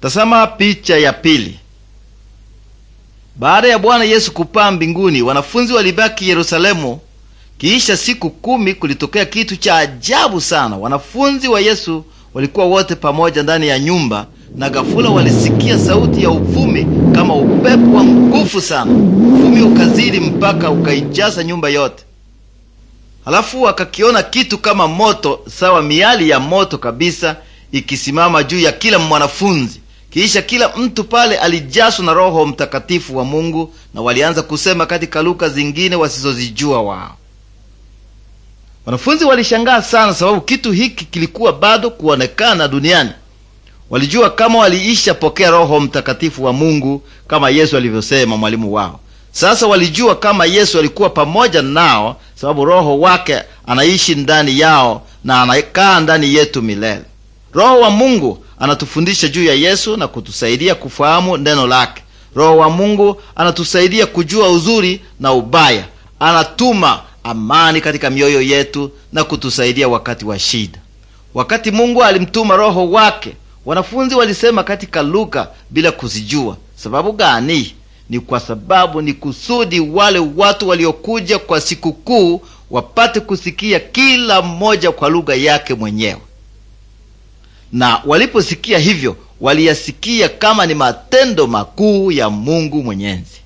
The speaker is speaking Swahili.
Tazama picha ya pili. Baada ya Bwana Yesu kupaa mbinguni, wanafunzi walibaki Yerusalemu. Kiisha siku kumi, kulitokea kitu cha ajabu sana. Wanafunzi wa Yesu walikuwa wote pamoja ndani ya nyumba, na ghafula walisikia sauti ya uvumi kama upepo wa nguvu sana. Uvumi ukazidi mpaka ukaijaza nyumba yote. Halafu wakakiona kitu kama moto, sawa miali ya moto kabisa, ikisimama juu ya kila mwanafunzi. Kisha kila mtu pale alijaswa na Roho Mtakatifu wa Mungu, na walianza kusema katika lugha zingine wasizozijua wao. Wanafunzi walishangaa sana, sababu kitu hiki kilikuwa bado kuonekana duniani. Walijua kama waliisha pokea Roho Mtakatifu wa Mungu kama Yesu alivyosema mwalimu wao. Sasa walijua kama Yesu alikuwa pamoja nao, sababu Roho wake anaishi ndani yao na anakaa ndani yetu milele. Roho wa Mungu anatufundisha juu ya Yesu na kutusaidia kufahamu neno lake. Roho wa Mungu anatusaidia kujua uzuri na ubaya, anatuma amani katika mioyo yetu na kutusaidia wakati wa shida. Wakati Mungu alimtuma Roho wake, wanafunzi walisema katika Luka bila kuzijua sababu gani? Ni kwa sababu ni kusudi wale watu waliokuja kwa sikukuu wapate kusikia kila mmoja kwa lugha yake mwenyewe na waliposikia hivyo waliyasikia kama ni matendo makuu ya Mungu Mwenyezi.